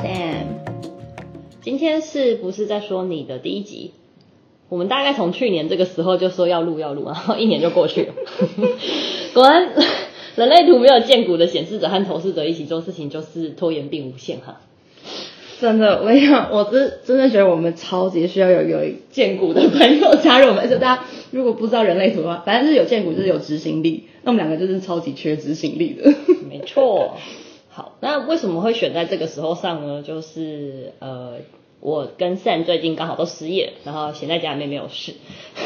Sam，今天是不是在說你的第一集？我們大概從去年這個時候就說要錄要錄，然後一年就過去了。 果然，人類圖沒有薦骨的顯示者和投射者一起做事情，就是拖延並無限哈。真的，我一我真真的覺得我們超級需要有有薦骨的朋友加入我們。 就大家如果不知道人類圖的話，反正就是有薦骨就是有執行力。那我們兩個就是超級缺執行力的， 沒錯。好，那為什麼會選在這個時候上呢？就是呃，我跟 Sam 最近剛好都失業，然後閒在家裡面沒有事，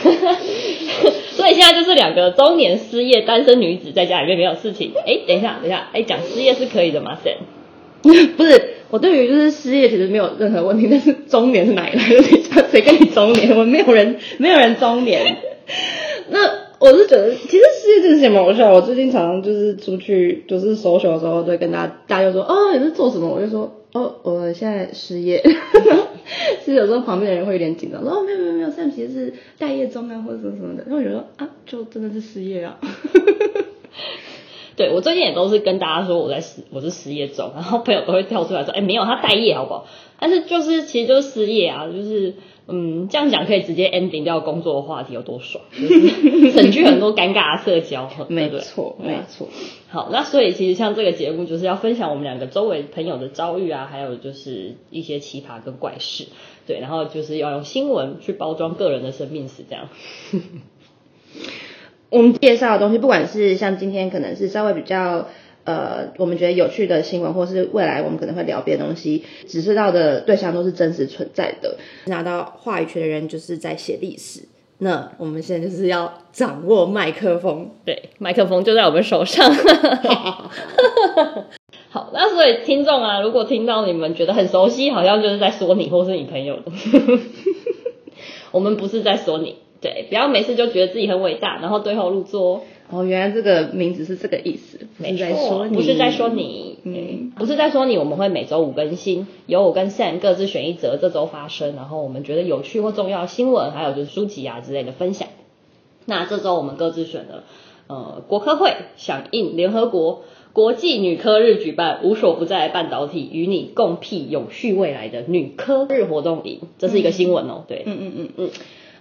所以現在就是兩個中年失業單身女子在家裡面沒有事情。哎、欸，等一下，等一下，哎、欸，講失業是可以的嗎？Sam？不是，我對於就是失業其實沒有任何問題，但是中年是哪一個？誰跟你中年？我沒有人，沒有人中年， 那。我是覺得，其實失業真是蠻搞笑。我最近常常就是出去，就是 social 的時候，都會跟大家大家就說：“哦，你在做什麼？”我就說：“哦，我現在失業。”其實有時候旁邊的人會有點緊張，說，哦，沒有沒有沒有，現在其實是待業中啊，或者什麼什麼的。然後有時候啊，就真的是失業啊。 對，我最近也都是跟大家說我在失，我是失業中，然後朋友都會跳出來說，哎，沒有，他待業好不好？但是就是其實就是失業啊，就是嗯，這樣講可以直接 ending 掉工作的話題有多爽，就是，省去 很多尷尬的社交，對對沒錯，沒錯、嗯。好，那所以其實像這個節目就是要分享我們兩個週圍朋友的遭遇啊，還有就是一些奇葩跟怪事，對，然後就是要用新聞去包裝個人的生命史，這樣。 我們介紹的東西，不管是像今天可能是稍微比較呃，我們覺得有趣的新聞，或是未來我們可能會聊別的東西，只知道的對象都是真實存在的。拿到話語權的人就是在寫歷史。那我們現在就是要掌握麥克風，對，麥克風就在我們手上。好，那所以聽眾啊，如果聽到你們覺得很熟悉，好像就是在說你或是你朋友 我們不是在說你。對，不要每次就覺得自己很偉大，然後對號入座。哦，原來這個名字是這個意思。沒錯，不是在說你，說你嗯，嗯不是在說你。我們會每周五更新，由我跟 Sam 各自選一則這週發生，然後我們覺得有趣或重要的新聞，還有就是書籍啊之類的分享。那這週我們各自選了呃，國科會響應聯合國國際女科日舉辦“無所不在的半導體與你共擘永續未來的女科日”活動營，這是一個新聞哦。嗯、對，嗯嗯嗯嗯。嗯嗯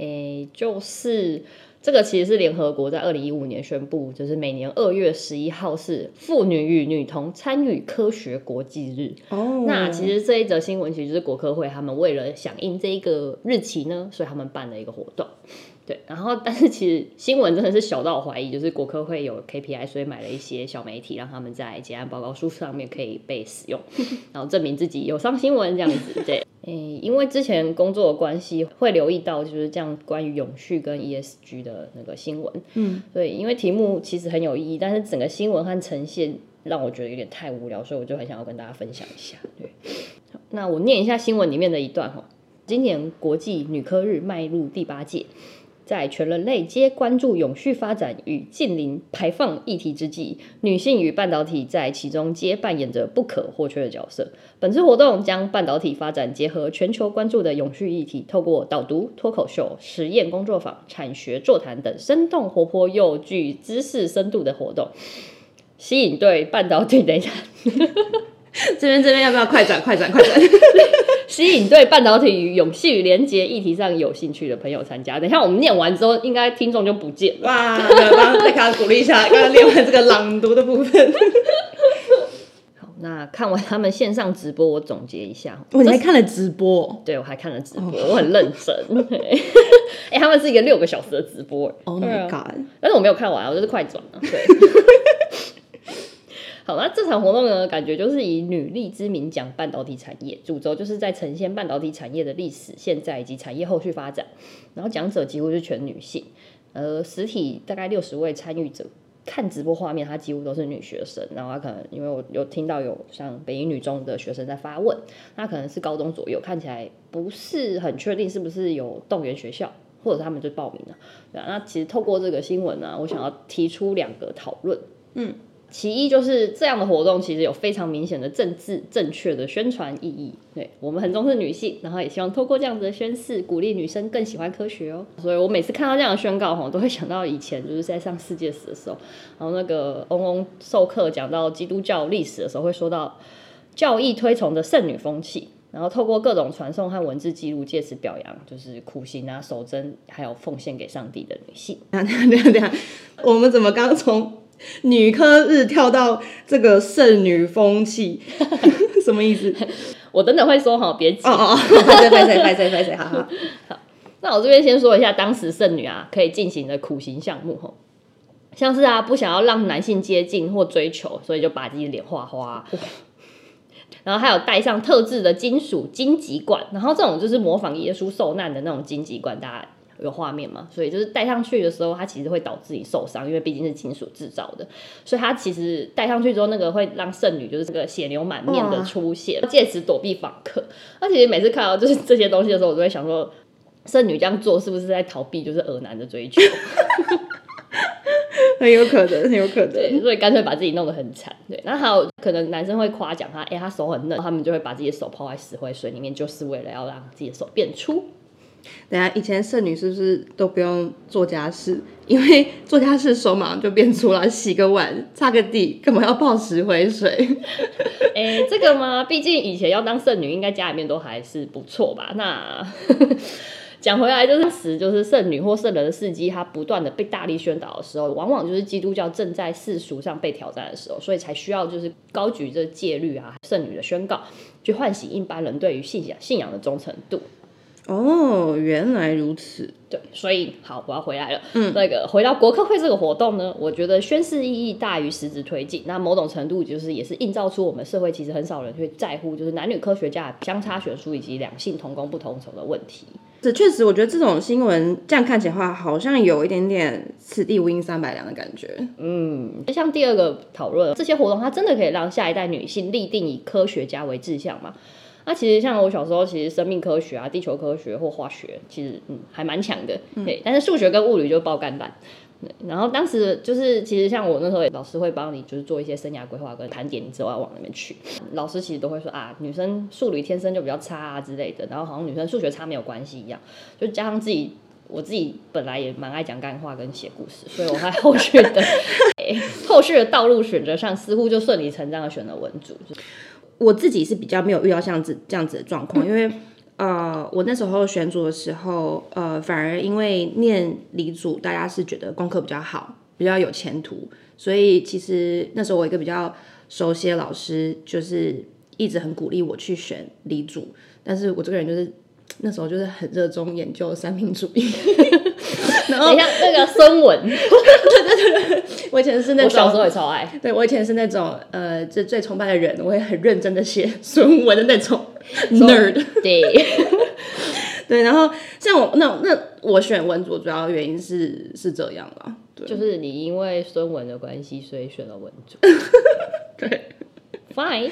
誒，就是這個，其實是聯合國在二零一五年宣布，就是每年二月十一號是婦女與女童參與科學國際日。哦，oh. 那其實這一則新聞其實就是國科會他們為了響應這一個日期呢，所以他們辦了一個活動。對，然後但是其實新聞真的是小到我懷疑，就是國科會有 KPI，所以買了一些小媒體，讓他們在結案報告書上面可以被使用，然後證明自己有上新聞這樣子。對。 欸，因為之前工作的關係，會留意到就是這樣關於永續跟 ESG 的那個新聞。嗯，對，因為題目其實很有意義，但是整個新聞和呈現讓我覺得有點太無聊，所以我就很想要跟大家分享一下。對，那我念一下新聞裡面的一段齁，今年國際女科日邁入第八屆。在全人類皆關注永續發展與近零排放議題之際，女性與半導體在其中皆扮演着不可或缺的角色。本次活動將半導體發展結合全球關注的永續議題，透過導讀、脫口秀、實驗工作坊、產學座談等生動活潑又具知識深度的活動，吸引對半導體等一下。 這邊這邊要不要快轉快轉快轉， 吸引對半導體與永續與連結議題上有興趣的朋友參加。等一下我們念完之後，應該聽眾就不見了吧。哇。哇，再給他鼓勵一下，剛剛念完這個朗讀的部分。 好，那看完他們線上直播，我總結一下。我，、就是、我還看了直播、哦？對，我還看了直播，oh、我很認真。哎、 欸，他們是一個六個小時的直播。Oh my god！但是我沒有看完，我就是快轉了。對。 那這場活動的感覺就是以女力之名講半導體產業，主軸就是在呈現半導體產業的歷史、現在以及產業後續發展。然後講者幾乎是全女性，呃，實體大概六十位參與者，看直播畫面，她幾乎都是女學生。然後她可能因為我有聽到有像北一女中的學生在發問，那可能是高中左右，看起來不是很確定是不是有動員學校，或者他們就報名了。對啊，那其實透過這個新聞呢、啊，我想要提出兩個討論，嗯。其一就是這樣的活動，其實有非常明顯的政治正確的宣傳意義。對，我們很重視女性，然後也希望透過這樣子的宣示，鼓勵女生更喜歡科學哦。所以我每次看到這樣的宣告，我都會想到以前就是在上世界史的時候，然後那個翁翁授課講到基督教歷史的時候，會說到教義推崇的聖女風氣，然後透過各種傳誦和文字記錄，借此表揚就是苦行啊、守貞，還有奉獻給上帝的女性。那那那那我們怎麼剛從？女科日跳到這個聖女風氣，什麼意思？ 我等等會說哈，別急。哦哦，拜拜拜拜拜拜，好， 好好，好那我這邊先說一下，當時聖女啊可以進行的苦行項目哈，像是啊不想要讓男性接近或追求，所以就把自己的臉畫花，哇然後還有戴上特制的金屬荊棘冠，然後這種就是模仿耶穌受難的那種荊棘冠。大家。有畫面嘛？所以就是戴上去的時候，它其實會導致你受傷，因為畢竟是金屬製造的，所以它其實戴上去之後，那個會讓聖女就是這個血流滿面的出現，借哇此躲避訪客。而且每次看到就是這些東西的時候，我都會想說，聖女這樣做是不是在逃避就是惡男的追求？ 很有可能，很有可能。所以乾脆把自己弄得很慘。對，然後還有可能男生會誇獎他，哎、欸，他手很嫩，他們就會把自己的手泡在石灰水裡面，就是為了要讓自己的手變粗。等下，以前聖女是不是都不用做家事？因為做家事手馬上就變出來，洗個碗、擦個地，幹嘛要泡石灰水？哎、欸，這個嘛，畢竟以前要當聖女，應該家裡面都還是不錯吧？那講 回來，就是時就是聖女或聖人的事蹟，他不斷的被大力宣導的時候，往往就是基督教正在世俗上被挑戰的時候，所以才需要就是高舉這戒律啊、聖女的宣告，去喚醒一般人對於信仰信仰的忠誠度。哦，原來如此。對，所以好，我要回來了。嗯，那個回到國科會這個活動呢，我覺得宣示意義大於實質推進。那某種程度就是也是映照出我們社會其實很少人去在乎，就是男女科學家相差懸殊以及兩性同工不同酬的問題。這確實，我覺得這種新聞這樣看起來話，好像有一點點此地無銀三百兩的感覺。嗯，就像第二個討論，這些活動它真的可以讓下一代女性立定以科學家為志向嗎？那其實像我小時候，其實生命科學啊、地球科學或化學，其實嗯還蠻強的，對。嗯、但是數學跟物理就爆肝版。然後當時就是，其實像我那時候，老師會幫你就是做一些生涯規劃跟盤點，你之後要往那邊去。老師其實都會說啊，女生數理天生就比較差，啊、之類的。然後好像女生數學差沒有關係一樣，就加上自己我自己本來也蠻愛講幹話跟寫故事，所以我在後續的、 欸、後續的道路選擇上，似乎就順理成章的選了文組。就我自己是比較沒有遇到像這樣這樣子的狀況，因為呃，我那時候選組的時候，呃，反而因為念理組，大家是覺得功課比較好，比較有前途，所以其實那時候我一個比較熟悉的老師，就是一直很鼓勵我去選理組，但是我這個人就是。那時候就是很熱衷研究三民主義， 然後，然後等一下那個孫文 對對對對，我以前是那種小時候也超愛，對我以前是那種呃，就最崇拜的人，我會很認真的寫孫文的那種 nerd，對 對，然後像我那那我選文組主要原因是是這樣啦，對就是你因為孫文的關係，所以選了文組 對。Fine，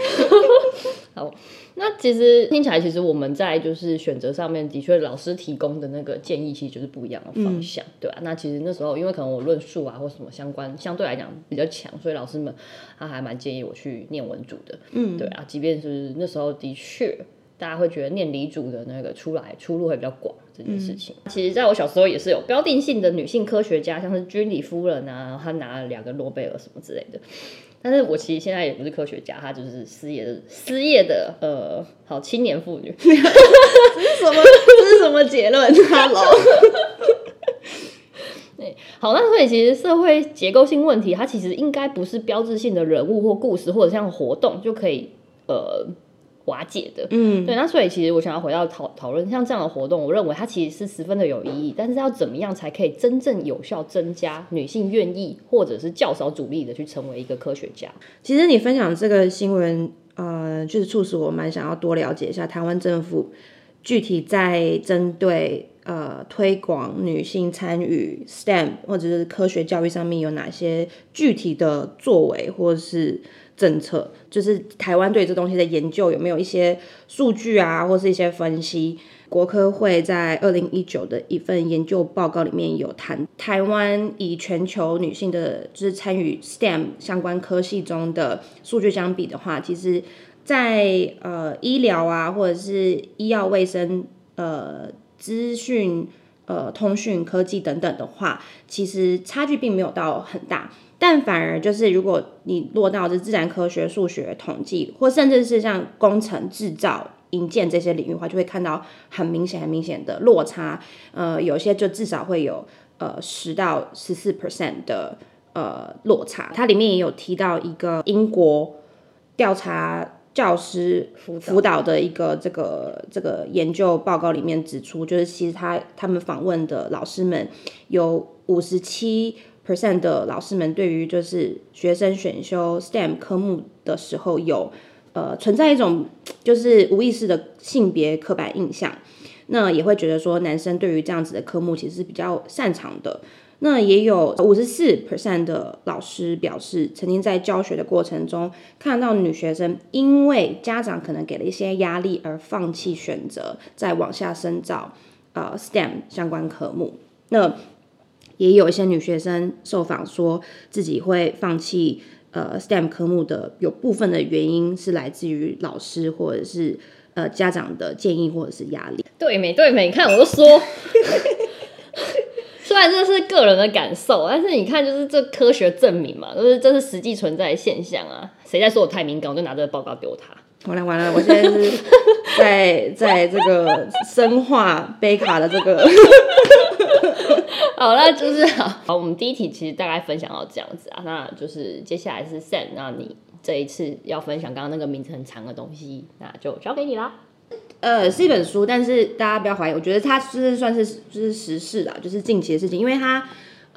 好，那其實聽起來，其實我們在就是選擇上面，的確老師提供的那個建議，其實就是不一樣的方向，嗯、對吧、啊？那其實那時候，因為可能我論述啊或什麼相關，相對來講比較強，所以老師們他還蠻建議我去念文組的，嗯，對啊。即便是那時候的，的確大家會覺得念理組的那個出來出路會比較廣這件事情，嗯、其實在我小時候也是有標定性的女性科學家，像是居里夫人啊，她拿了兩個諾貝爾什麼之類的。但是我其實現在也不是科學家，他就是失業的失業的呃，好青年婦女 這是什麼？這是什麼結論？Hello， 好，那所以其實社會結構性問題，它其實應該不是標誌性的人物或故事，或者像活動就可以呃。瓦解的，嗯，對，那所以其實我想要回到討討論，像這樣的活動，我認為它其實是十分的有意義。但是要怎麼樣才可以真正有效增加女性願意或者是較少阻力的去成為一個科學家？其實你分享這個新聞，呃，就是促使我蠻想要多了解一下台灣政府具體在針對呃推廣女性參與 STEM 或者是科學教育上面有哪些具體的作為，或是。政策就是台灣對這東西的研究有沒有一些數據啊，或是一些分析？國科會在二零一九的一份研究報告裡面有談，台灣以全球女性的就是參與 STEM 相關科系中的數據相比的話，其實在，在呃醫療啊，或者是醫藥衛生、呃資訊、呃通訊、科技等等的話，其實差距並沒有到很大。但反而就是，如果你落到這自然科學、數學、統計，或甚至是像工程、製造、營建這些領域的話，就會看到很明顯、很明顯的落差。呃，有些就至少會有呃十到十四 percent 的呃落差。它裡面也有提到一個英國調查教師輔導的一個這個這個研究報告裡面指出，就是其實他他們訪問的老師們有五十七 percent 的老師們對於就是學生選修 STEM 科目的時候有呃存在一種就是無意識的性別刻板印象，那也會覺得說，男生對於這樣子的科目其實是比較擅長的。那也有五十四 percent 的老師表示，曾經在教學的過程中看到女學生因為家長可能給了一些壓力而放棄選擇再往下深造呃 STEM 相關科目。那也有一些女學生受訪說，自己會放棄呃 STEM 科目的，有部分的原因是來自於老師或者是呃家長的建議或者是壓力。對，沒對沒，對沒，你看我就說， 雖然這是個人的感受，但是你看，就是這科學證明嘛，就是這是實際存在的現象啊。誰在說我太敏感，我就拿這個報告丟他。完了完了，我現在是在，在在這個生化杯卡的這個。 好了，那就是好，好。我們第一題其實大概分享到這樣子啊，那就是接下來是 Sam，那你這一次要分享剛剛那個名字很長的東西，那就交給你了。呃，是一本書，但是大家不要懷疑，我覺得它就是算是就是時事啦，就是近期的事情，因為它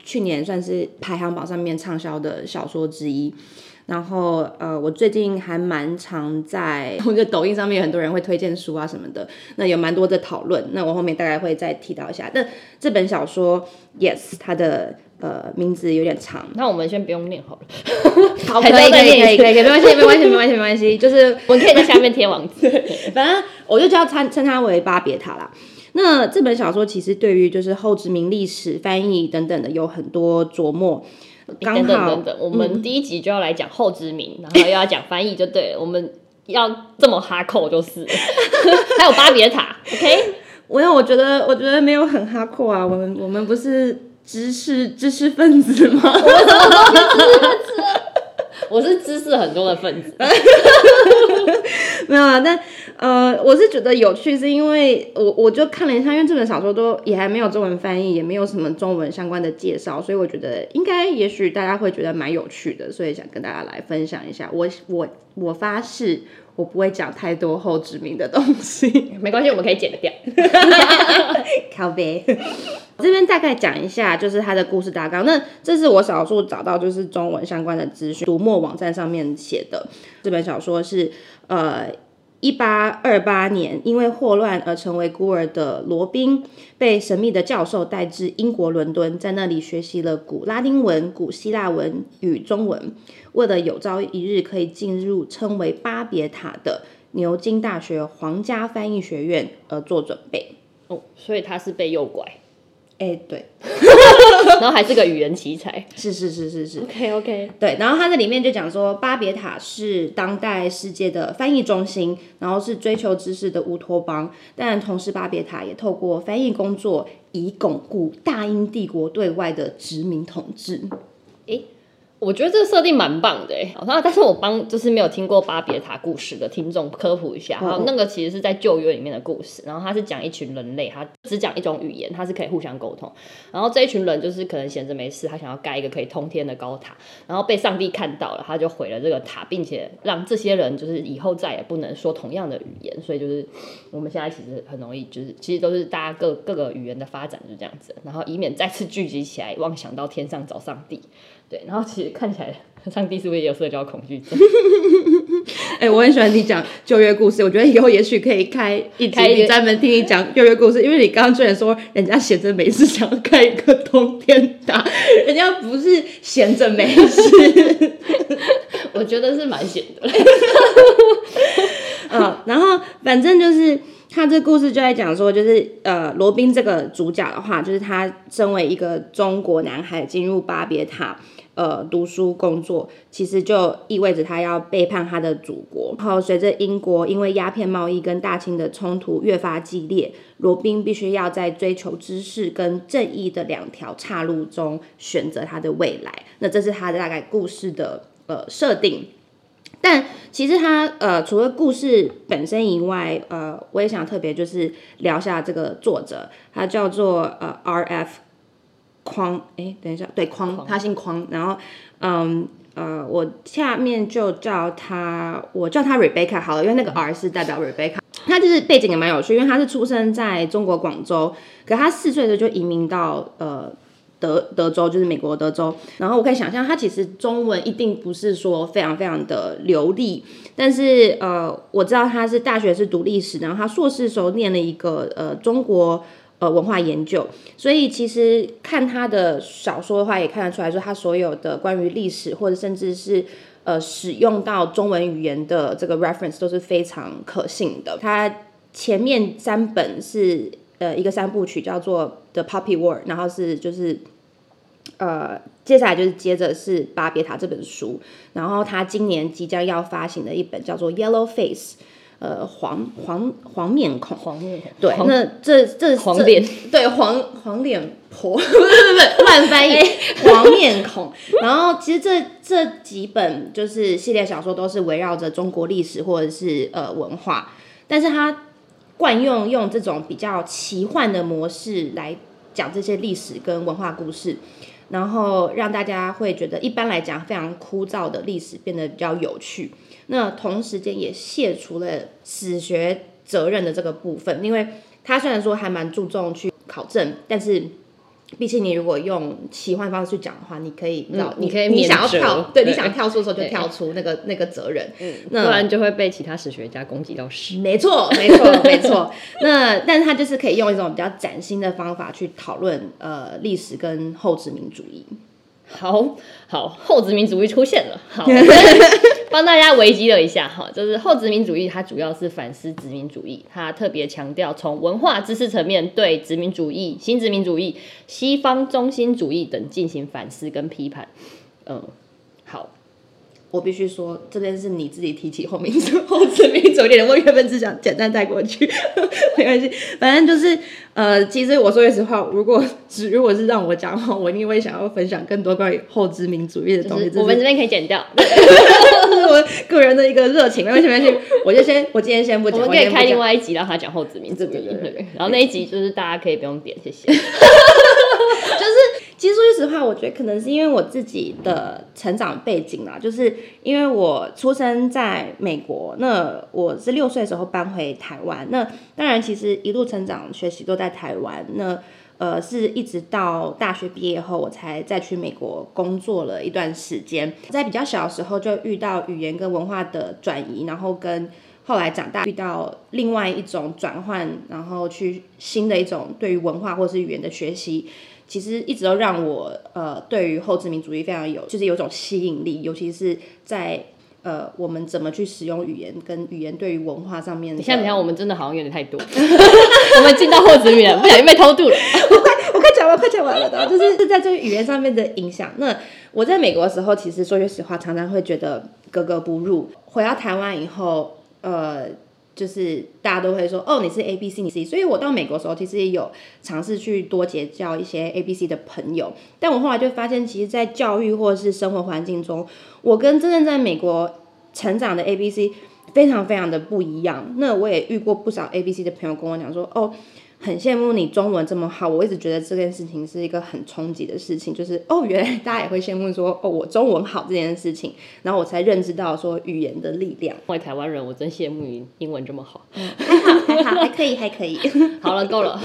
去年算是排行榜上面暢銷的小說之一。然後，呃，我最近還蠻常在，我覺得抖音上面有很多人會推薦書啊什麼的，那有蠻多的討論。那我後面大概會再提到一下。那這本小說，Yes，它的呃名字有點長，那我們先不用念好了。 好可以可以，可以，可以可以，沒關係 沒關係沒關係沒關係， 就是我可以在下面貼網址 反正我就叫稱稱它為巴別塔啦。那這本小說其實對於就是後殖民歷史翻譯等等的有很多琢磨。等等等等，我們第一集就要來講後殖民，嗯、然後又要講翻譯，就對了。我們要這麼哈扣就是， 還有巴別塔。OK，我有，我覺得，我覺得沒有很哈扣啊。我們，我們不是知識知識分子嗎？我什麼東西知識分子啊？我是知識很多的分子。 沒有啊，但呃，我是覺得有趣，是因為我我就看了一下，因為這本小說都也還沒有中文翻譯，也沒有什麼中文相關的介紹，所以我覺得應該也許大家會覺得蠻有趣的，所以想跟大家來分享一下。我我我發誓，我不會講太多後殖民的東西，沒關係，我們可以剪得掉。 靠北。這邊大概講一下，就是他的故事大綱。那這是我少數找到就是中文相關的資訊，讀墨網站上面寫的。這本小說是，呃，一八二八年因為霍亂而成為孤兒的羅賓，被神秘的教授帶至英國倫敦，在那裡學習了古拉丁文、古希臘文與中文，為了有朝一日可以進入稱為巴別塔的牛津大學皇家翻譯學院而做準備。哦，所以他是被誘拐。哎，欸、對， 然後還是個語言奇才， 是是是是是，OK OK，對，然後他那裡面就講說，巴別塔是當代世界的翻譯中心，然後是追求知識的烏托邦，但同時巴別塔也透過翻譯工作，以鞏固大英帝國對外的殖民統治。欸。哎。我覺得這個設定蠻棒的，誒，好，那但是我幫就是沒有聽過巴別塔故事的聽眾科普一下，然後那個其實是在舊約裡面的故事，然後他是講一群人類，他只講一種語言，他是可以互相溝通，然後這一群人就是可能閒着沒事，他想要蓋一個可以通天的高塔，然後被上帝看到了，他就毀了這個塔，並且讓這些人就是以後再也不能說同樣的語言，所以就是我們現在其實很容易就是其實都是大家各各個語言的發展就這樣子，然後以免再次聚集起來妄想到天上找上帝。對，然後其實看起來上帝是不是也有社交恐懼症？哎、 欸，我很喜歡你講舊約故事，我覺得以後也許可以開一集一專門聽你講舊約故事，嗯、因為你剛剛居然說人家閒着沒事想開一個通天塔，人家不是閒着沒事，我覺得是蠻閒的。好、 呃，然後反正就是他這故事就在講說，就是呃，羅賓這個主角的話，就是他身為一個中國男孩進入巴別塔。呃，讀書工作其實就意味着他要背叛他的祖國。然後隨着英國因為鴉片貿易跟大清的衝突越發激烈，羅賓必須要在追求知識跟正義的兩條岔路中選擇他的未來。那這是他的大概故事的呃設定。但其實他呃除了故事本身以外，呃，我也想特別就是聊下這個作者，他叫做呃 R.F。匡，誒，等一下，對，匡，匡，他姓匡，然後，嗯，呃，我下面就叫他，我叫他 Rebecca 好了，因為那個 R 是代表 Rebecca。嗯、他就是背景也蠻有趣，因為他是出生在中國廣州，可他四歲的就移民到呃德、德州，就是美國德州。然後我可以想象，他其實中文一定不是說非常非常的流利，但是呃，我知道他是大學是讀歷史，然後他碩士的時候念了一個呃中國。呃，文化研究，所以其實看他的小說的話，也看得出來說，他所有的關於歷史或者甚至是呃使用到中文語言的這個 reference 都是非常可信的。他前面三本是呃一個三部曲，叫做 The Poppy War，然後是就是呃接下來就是接着是《巴別塔》這本書，然後他今年即將要發行的一本叫做《Yellow Face》。呃，黃黃黃面孔，黃面孔，對，黃那這這黃臉綿，對，黃黃臉婆，不是不是，亂翻譯，欸、黃面孔。然後其實這這幾本就是系列小說，都是圍繞着中國歷史或者是呃文化，但是它慣用用這種比較奇幻的模式來講這些歷史跟文化故事，然後讓大家會覺得一般來講非常枯燥的歷史變得比較有趣。那同時間也卸除了史學責任的這個部分，因為他雖然說還蠻注重去考證，但是畢竟你如果用奇幻方式去講的話，你可以，你你、嗯、可以你，你想要跳，對，對你想要跳出的時候就跳出那個對那個責任，嗯，不那然就會被其他史學家攻擊到死。沒錯， 沒錯，沒錯。那但是他就是可以用一種比較嶄新的方法去討論，呃，歷史跟後殖民主義。好，好，後殖民主義出現了。好。 幫大家維基了一下哈，就是後殖民主義，它主要是反思殖民主義，它特別強調從文化知識層面對殖民主義、新殖民主義、西方中心主義等進行反思跟批判。嗯，好。我必須說，這邊是你自己提起後殖民、後殖民主義的，我原本只想簡單帶過去，呵呵沒關係。反正就是，呃，其實我說句實話，如果只如果是讓我講的話，我一定會想要分享更多關於後殖民主義的東西。就是、是我們這邊可以剪掉，對對對，我個人的一個熱情， 沒關係，沒關係。我就先，我今天先不講，我們可以開另外一集講讓他講後殖民主義，對對對、對。然後那一集就是大家可以不用點，謝謝。 其實說句實話，我覺得可能是因為我自己的成長背景啊，就是因為我出生在美國，那我是六歲的時候搬回台灣，那當然其實一路成長學習都在台灣，那呃是一直到大學畢業後我才再去美國工作了一段時間，在比較小的時候就遇到語言跟文化的轉移，然後跟。後來長大遇到另外一種轉換，然後去新的一種對於文化或是語言的學習，其實一直都讓我呃對於後殖民主義非常有，就是有種吸引力，尤其是在呃我們怎麼去使用語言跟語言對於文化上面。等一下，等一下，我們真的好像有點太多， 我們進到後殖民了，不小心被偷渡了。 我快，我快講完，快講完了的、哦，就是是在這個語言上面的影響。那我在美國的時候，其實說句實話，常常會覺得格格不入。回到台灣以後。呃，就是大家都會說，哦，你是 A B C，你 C。所以，我到美國時候，其實也有嘗試去多結交一些 A B C 的朋友，但我後來就發現，其實，在教育或者是生活環境中，我跟真正在美國成長的 A B C 非常非常的不一樣。那我也遇過不少 A B C 的朋友跟我講說，哦，很羨慕你中文這麼好，我一直覺得這件事情是一個很衝擊的事情，就是哦，原來大家也會羨慕說哦，我中文好這件事情，然後我才認知到說語言的力量。作為台灣人，我真羨慕你英文這麼好。哦、還好，還好， 還可以，還可以。好了，夠了。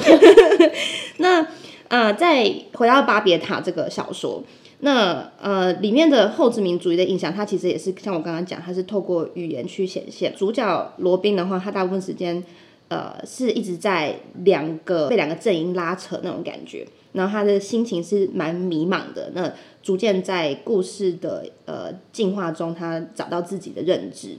那呃，再回到《巴別塔》這個小說，那呃裡面的後殖民主義的影響，它其實也是像我剛剛講，它是透過語言去顯現。主角羅賓的話，他大部分時間。呃，是一直在兩個被兩個陣營拉扯那種感覺，然後他的心情是蠻迷茫的。那逐漸在故事的呃進化中，他找到自己的認知。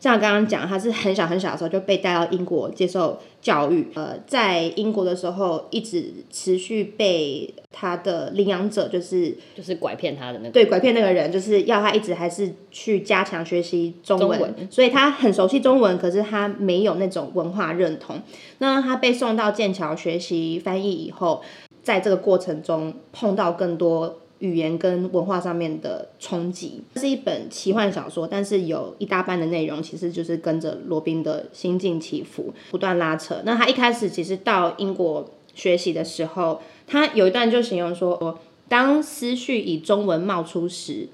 像我剛剛講，他是很小很小的時候就被帶到英國接受教育。呃，在英國的時候，一直持續被他的領養者就是就是拐騙他的那個對拐騙那個人，就是要他一直還是去加強學習中文，中文。所以他很熟悉中文，嗯，可是他沒有那種文化認同。那他被送到劍橋學習翻譯以後，在這個過程中碰到更多。語言跟文化上面的衝擊，這是一本奇幻小說，但是有一大半的內容其實就是跟着羅賓的心境起伏不斷拉扯。那他一開始其實到英國學習的時候，他有一段就形容說：“當思緒以中文冒出時，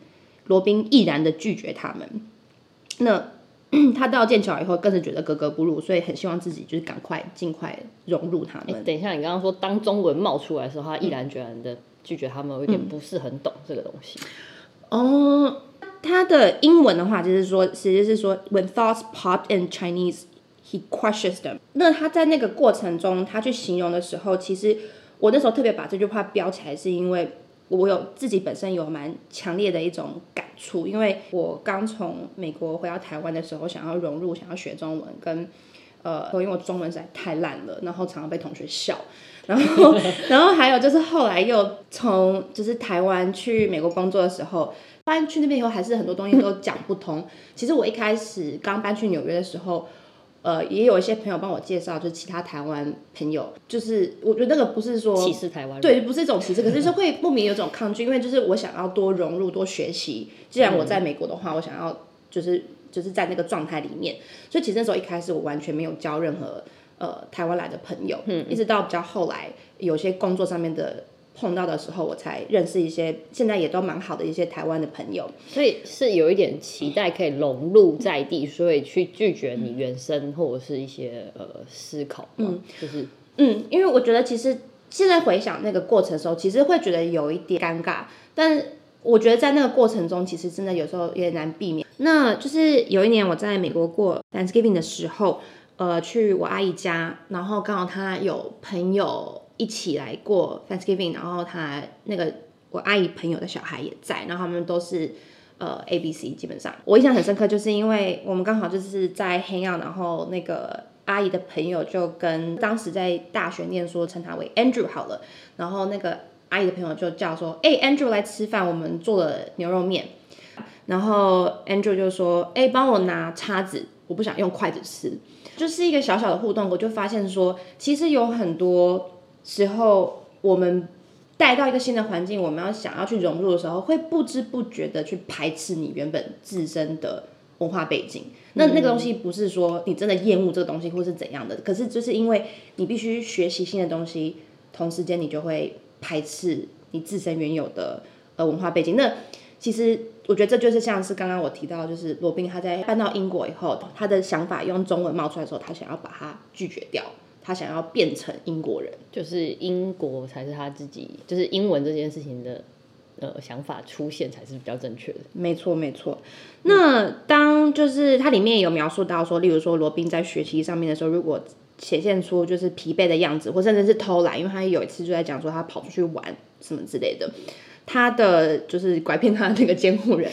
羅賓毅然的拒絕他們。那”那他到劍橋以後更是覺得格格不入，所以很希望自己就是趕快盡快融入他們。等一下，你剛剛說當中文冒出來的時候，他毅然決然的。嗯拒絕他們有點不是很懂這個東西哦。嗯 oh, 他的英文的話就是說，其實是說，When thoughts pop in Chinese, he questions them。那他在那個過程中，他去形容的時候，其實我那時候特別把這句話標起來，是因為我有自己本身有蠻強烈的一種感觸，因為我剛從美國回到台灣的時候，想要融入，想要學中文跟。呃，因為我中文實在太爛了，然後常常被同學笑。然後，然後還有就是後來又從就是台灣去美國工作的時候，發現去那邊以後還是很多東西都講不通。 其實我一開始剛搬去紐約的時候，呃，也有一些朋友幫我介紹，就是其他台灣朋友，就是我覺得那個不是說歧視台灣人，對，不是一種歧視，可是，是會莫名有種抗拒， 因為就是我想要多融入、多學習。既然我在美國的話，嗯、我想要就是。就是在那個狀態裡面，所以其實那時候一開始我完全沒有交任何呃台灣來的朋友，嗯，一直到比較後來有些工作上面的碰到的時候，我才認識一些現在也都蠻好的一些台灣的朋友，所以是有一點期待可以融入在地，嗯、所以去拒絕你原生、嗯、或者是一些呃思考，嗯，就是嗯，因為我覺得其實現在回想那個過程的時候，其實會覺得有一點尷尬，但我覺得在那個過程中，其實真的有時候也難避免。那就是有一年我在美國過 Thanksgiving 的時候，呃，去我阿姨家，然後剛好他有朋友一起來過 Thanksgiving，然後他那個我阿姨朋友的小孩也在，然後他們都是呃 ABC 基本上，我印象很深刻，就是因為我們剛好就是在 hang out，然後那個阿姨的朋友就跟當時在大學念說稱他為 Andrew 好了，然後那個阿姨的朋友就叫說，誒 Andrew 來吃飯，我們做了牛肉麵。然後 Andrew 就說：“哎、欸，幫我拿叉子，我不想用筷子吃。”就是一個小小的互動，我就發現說，其實有很多時候，我們帶到一個新的環境，我們要想要去融入的時候，會不知不覺的去排斥你原本自身的文化背景。那那個東西不是說你真的厭惡這個東西或是怎樣的，可是就是因為你必須學習新的東西，同時間你就會排斥你自身原有的呃文化背景。那其實。我覺得這就是像是剛剛我提到，就是羅賓他在搬到英國以後，他的想法用中文冒出來的時候，他想要把他拒絕掉，他想要變成英國人，就是英國才是他自己，就是英文這件事情的呃想法出現才是比較正確的。沒錯，沒錯。嗯、那當就是他裡面有描述到說，例如說羅賓在學習上面的時候，如果顯現出就是疲憊的樣子，或甚至是偷懶，因為他有一次就在講說他跑出去玩什麼之類的。他的就是拐騙他的那個監護人，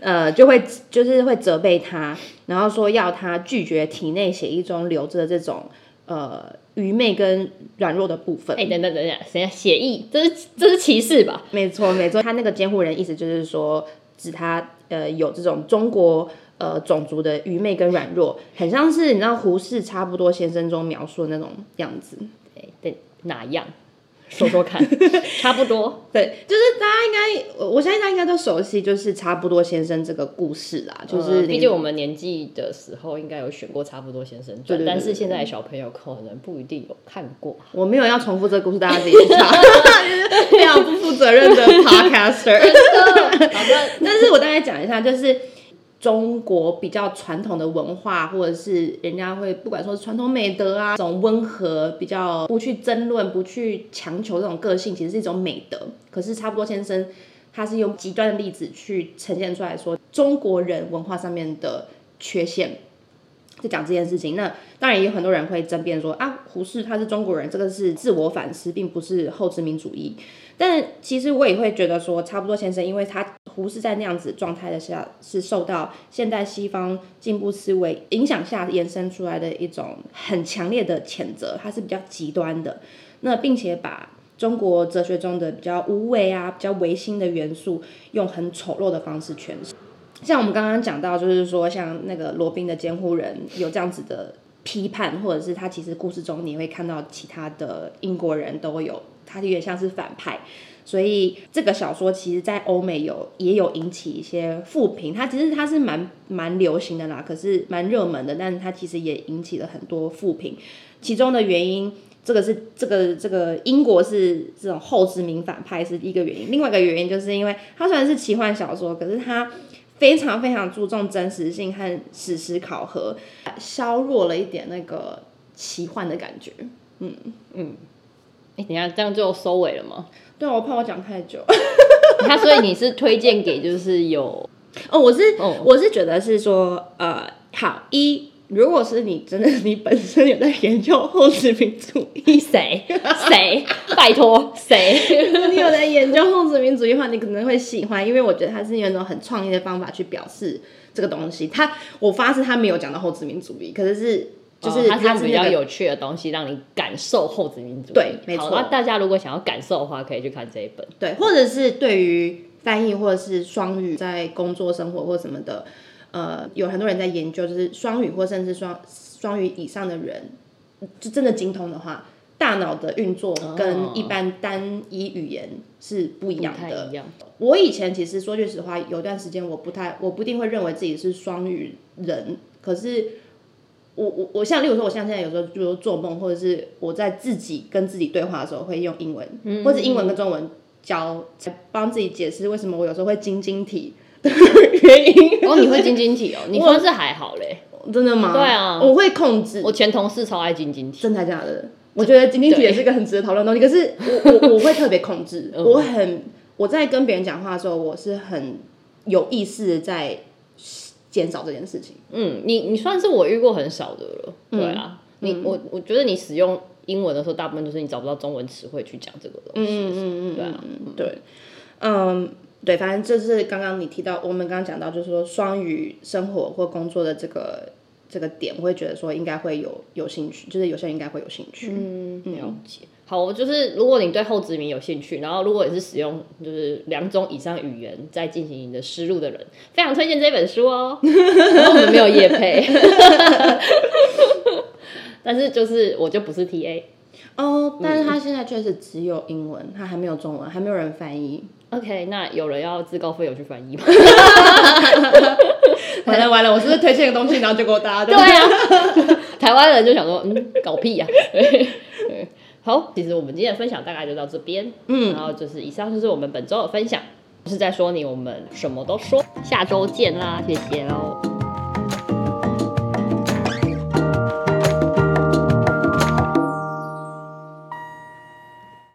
呃，就會就是會責備他，然後說要他拒絕體內血液中留着的這種呃愚昧跟軟弱的部分。哎、欸，等等等等，等下，協議？這是這是歧視吧？沒錯沒錯，他那個監護人意思就是說，指他呃有這種中國呃種族的愚昧跟軟弱，很像是你知道胡適差不多先生中描述的那種樣子。對，對，哪樣？說說看， 差不多。對，就是大家應該，我相信大家應該都熟悉，就是差不多先生這個故事啦。就是、呃、畢竟我們年紀的時候，應該有選過差不多先生。對，對，對但是現在的小朋友可能不一定有看過。我沒有要重複這個故事，大家自己去看。 非常不負責任的 podcaster。 好的，但是我大概講一下，就是。中國比較傳統的文化，或者是人家會不管說是傳統美德啊，這種溫和、比較不去爭論、不去強求這種個性，其實是一種美德。可是差不多先生，他是用極端的例子去呈現出來說中國人文化上面的缺陷，就講這件事情。那當然也有很多人會爭辯說啊，胡適他是中國人，這個是自我反思，並不是後殖民主義。但其實我也會覺得說，差不多先生，因為他。不是在那樣子狀態的下，是受到現代西方進步思維影響下延伸出來的一種很強烈的譴責，它是比較極端的。那並且把中國哲學中的比較無為啊、比較唯心的元素，用很醜陋的方式詮釋。像我們剛剛講到，就是說像那個羅賓的監護人有這樣子的批判，或者是他其實故事中你會看到其他的英國人都有，他有點像是反派。所以這個小說其實，在歐美有也有引起一些負評，它，其實它是蠻蠻流行的啦，可是蠻熱門的，但是它其實也引起了很多負評。其中的原因，這個是這個這個英國是這種後殖民反派是一個原因，另外一個原因就是因為它雖然是奇幻小說，可是它非常非常注重真實性和史實考核，削弱了一點那個奇幻的感覺。嗯嗯。你、欸、等下這樣就收尾了嗎？對，我怕我講太久。 他所以你是推薦給就是有哦？我是、嗯、我是覺得是說呃，好一，如果是你真的你本身有在研究後殖民主義，誰誰拜託誰，誰如果你有在研究後殖民主義的話，你可能會喜歡，因為我覺得他是用一種很創意的方法去表示這個東西。他我發誓他沒有講到後殖民主義，可是是。就是它是比較有趣的東西，哦，他是那個，讓你感受後殖民主義。對，沒錯，好啊，大家如果想要感受的話，可以去看這一本。對，或者是對於翻譯或者是雙語在工作生活或什麼的，呃，有很多人在研究，就是雙語或甚至雙雙語以上的人，就真的精通的話，大腦的運作跟一般單一語言是不一樣的。哦，不太一樣。我以前其實說句實話，有段時間我不太我不一定會認為自己是雙語人，可是。我我我像，例如說，我像現在有時候比如說做夢，或者是我在自己跟自己對話的時候，會用英文，嗯、或者英文跟中文教，幫自己解釋為什麼我有時候會晶晶體的原因。哦， 就是、你會晶晶體哦？我你說是還好嘞，真的嗎？對啊，我會控制。我前同事超愛晶晶體，真的假的？這我覺得晶晶體也是一個很值得討論東西。對可是我我我會特別控制， 我很我在跟別人講話的時候，我是很有意識的在。減少這件事情，嗯，你你算是我遇過很少的了，對啊，嗯、你我我覺得你使用英文的時候，大部分都是你找不到中文詞彙去講這個東西，嗯嗯，嗯，嗯對啊，對，嗯對，反正就是剛剛你提到，我們剛剛講到，就是說雙語生活或工作的這個。這個點我會覺得說應該會有有興趣，就是有些人應該會有興趣、嗯、了解。好，就是如果你對後殖民有興趣，然後如果你是使用就是兩種以上語言在進行你的輸入的人，非常推薦這本書哦。 我們沒有業配， 但是就是我就不是 T A 哦，oh, 但是他現在確實只有英文，他還沒有中文，還沒有人翻譯。OK，那有人要自告奮勇去翻譯嗎？ 台灣人，我是不是推薦個東西，然後就給我大家？對啊，台灣人就想說，嗯，搞屁呀、啊！ 好，其實我們今天的分享大概就到這邊，嗯，然後就是以上就是我們本周的分享，不是在說你，我們什麼都說，下周見啦，謝謝嘍。